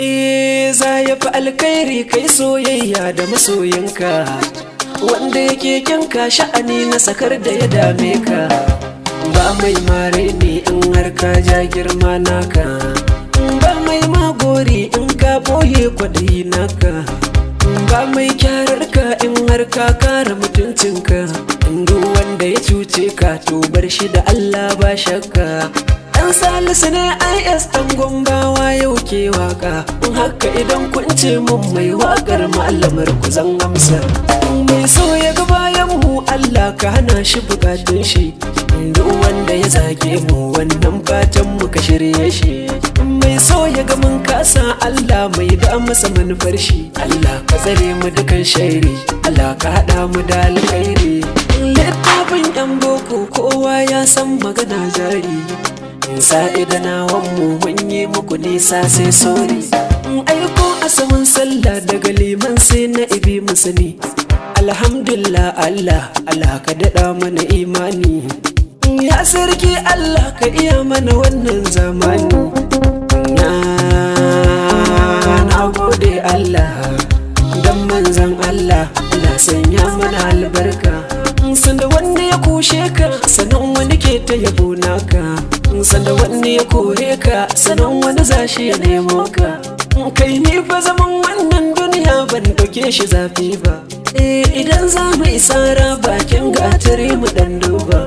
Eh za ya fi alkhairi kai soyayya da masoyinka wanda yake kyanka sha'ani na sakar da ya dame ka ba mai mare ne in har ka ja girma naka ba mai magori in ka boye kwaɗayi naka ba mai kyarar ka in har ka kara mutuncinka duk wanda ya cuce ka to bar shi da Allah ba shakka Ɗan salisu ne IS dan yau ke waka In haka idan kun ce mun mai wakar malamar ku zan amsa Mai so ya ga bayan mu Allah ka hana shi bukatun shi Duk wanda ya zage mu wannan fatan mu ka shirye shi Mai so ya ga mun kasa Allah mai da masa manufar shi Allah ka tsare mu dukan shairi Allah ka hada mu da alkhairi Littafin yan boko kowa ya san magana jari sa'ida na mu mun yi muku nisa sai sori aiko asamin sallah daga liman sai na ibi musani alhamdulillah allah allah ka daɗa mana imani ya sarki allah ka iya mana wannan zamani na gode allah dan manzan allah na sanya mana albarka sanda wanda ya kushe ka sanin wani ke ta yabo naka sanda wanne ya kore ka sanan wani zashi ya nemo ka kai ni fa zaman wannan duniya ban dauke shi zafi ba eh idan za mu ra bakin gatare mu dan duba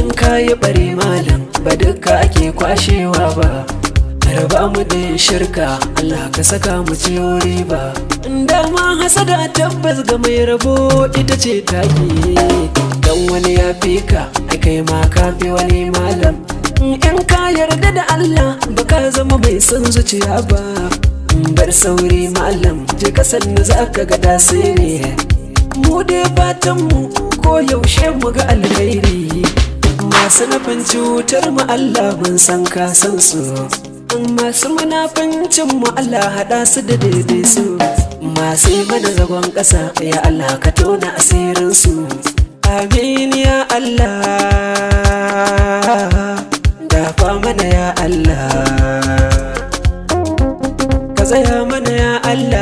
in ka yi bare malam ba dukka ake kwashewa ba raba mu da shirka Allah ka saka mu ci riba ma hasada tabbas ga mai rabo ita ce taki dan wani ya fi ka kai ma ka fi wani malam in ka yarda da Allah ba ka zama mai son zuciya ba bar sauri malam je kasar za ka ga dasiri mu dai fatan mu ko yaushe mu ga alheri masu nufin cutar mu Allah mun san ka san su masu munafincin mu Allah hada su da daidai su masu yi mana zagon ƙasa ya Allah ka tona asirin su amin ya Allah ka tsaya mana ya Allah